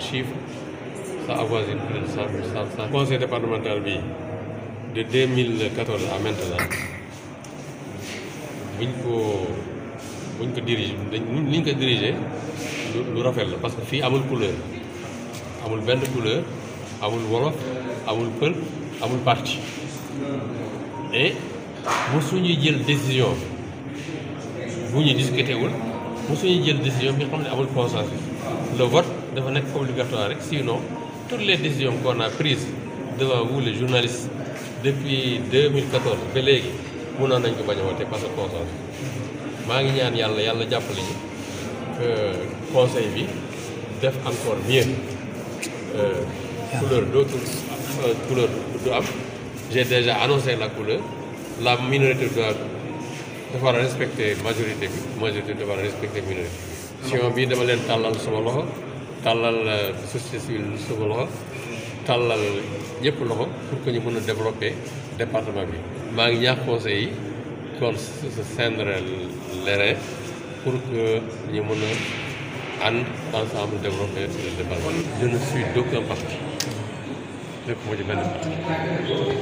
chiffres, ça avoisine plus de conseil départemental, de 2014 à maintenant, diriger buñ ko dirige parce parce que amul couleur amul couleur amul amul amul parti et vous une décision Vous vous discuté une décision mais consensus le vote dafa obligatoire rek sinon toutes les décisions qu'on a prises devant vous les journalistes depuis 2014 ba léegi mënoon nañ ko bañ a wote parce que consensus maa ngi ñaan yàlla yàlla jàppale conseil bi encore mieux euh, couleur d'autres, euh, couleur du j'ai déjà annoncé la couleur la minorité doit dafa respecter majorité bi majorité dafa respecter minorité. si bi dama de tàllal sama tàllal euh, société civile suba loxo tàllal ñëpp loxo pour que ñu mën a développer département bi maa ngi ñaax conseil yi kon se cendre l'airain pour que ñu mën a ànd ensemble développer le département je ne suis d'aucun parti ci benn parti